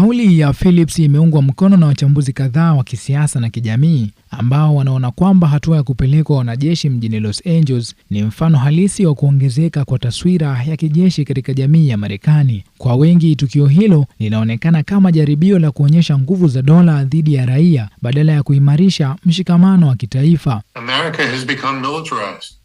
Kauli ya Phillips imeungwa mkono na wachambuzi kadhaa wa kisiasa na kijamii ambao wanaona kwamba hatua ya kupelekwa wanajeshi mjini Los Angeles ni mfano halisi wa kuongezeka kwa taswira ya kijeshi katika jamii ya Marekani. Kwa wengi, tukio hilo linaonekana kama jaribio la kuonyesha nguvu za dola dhidi ya raia badala ya kuimarisha mshikamano wa kitaifa. America has become militarized.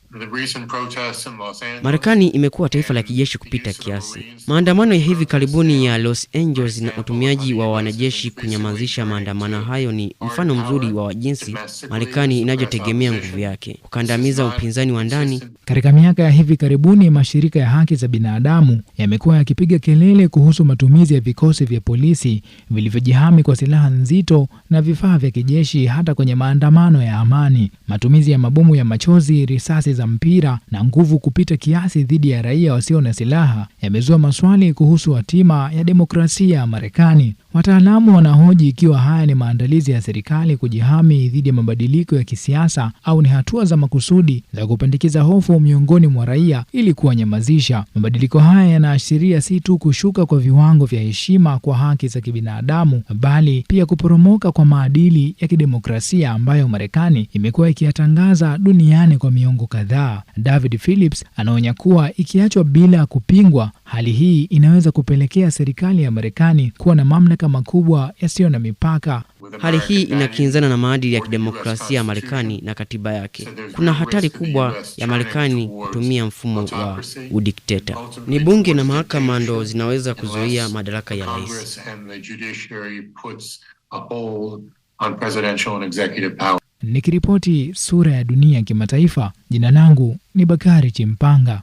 Marekani imekuwa taifa la kijeshi kupita kiasi. Maandamano ya hivi karibuni ya Los Angeles na utumiaji wa wanajeshi kunyamazisha maandamano hayo ni mfano mzuri wa jinsi Marekani inavyotegemea nguvu yake kukandamiza upinzani wa ndani. Katika miaka ya hivi karibuni, mashirika ya haki za binadamu yamekuwa yakipiga kelele kuhusu matumizi ya vikosi vya polisi vilivyojihami kwa silaha nzito na vifaa vya kijeshi hata kwenye maandamano ya amani. Matumizi ya mabomu ya machozi, risasi za za mpira na nguvu kupita kiasi dhidi ya raia wasio na silaha yamezua maswali kuhusu hatima ya demokrasia ya Marekani. Wataalamu wanahoji ikiwa haya ni maandalizi ya serikali kujihami dhidi ya mabadiliko ya kisiasa au ni hatua za makusudi za kupandikiza hofu miongoni mwa raia ili kuwanyamazisha. Mabadiliko haya yanaashiria si tu kushuka kwa viwango vya heshima kwa haki za kibinadamu, bali pia kuporomoka kwa maadili ya kidemokrasia ambayo Marekani imekuwa ikiyatangaza duniani kwa miongo kadhaa kadhaa, David Phillips anaonya kuwa ikiachwa bila kupingwa, hali hii inaweza kupelekea serikali ya Marekani kuwa na mamlaka makubwa yasiyo na mipaka. Hali hii inakinzana na maadili ya kidemokrasia ya Marekani na katiba yake. Kuna hatari kubwa ya Marekani kutumia mfumo wa udikteta. Ni bunge na mahakama ndo zinaweza kuzuia madaraka ya rais nikiripoti Sura ya Dunia Kimataifa. Jina langu ni Bakari Chimpanga.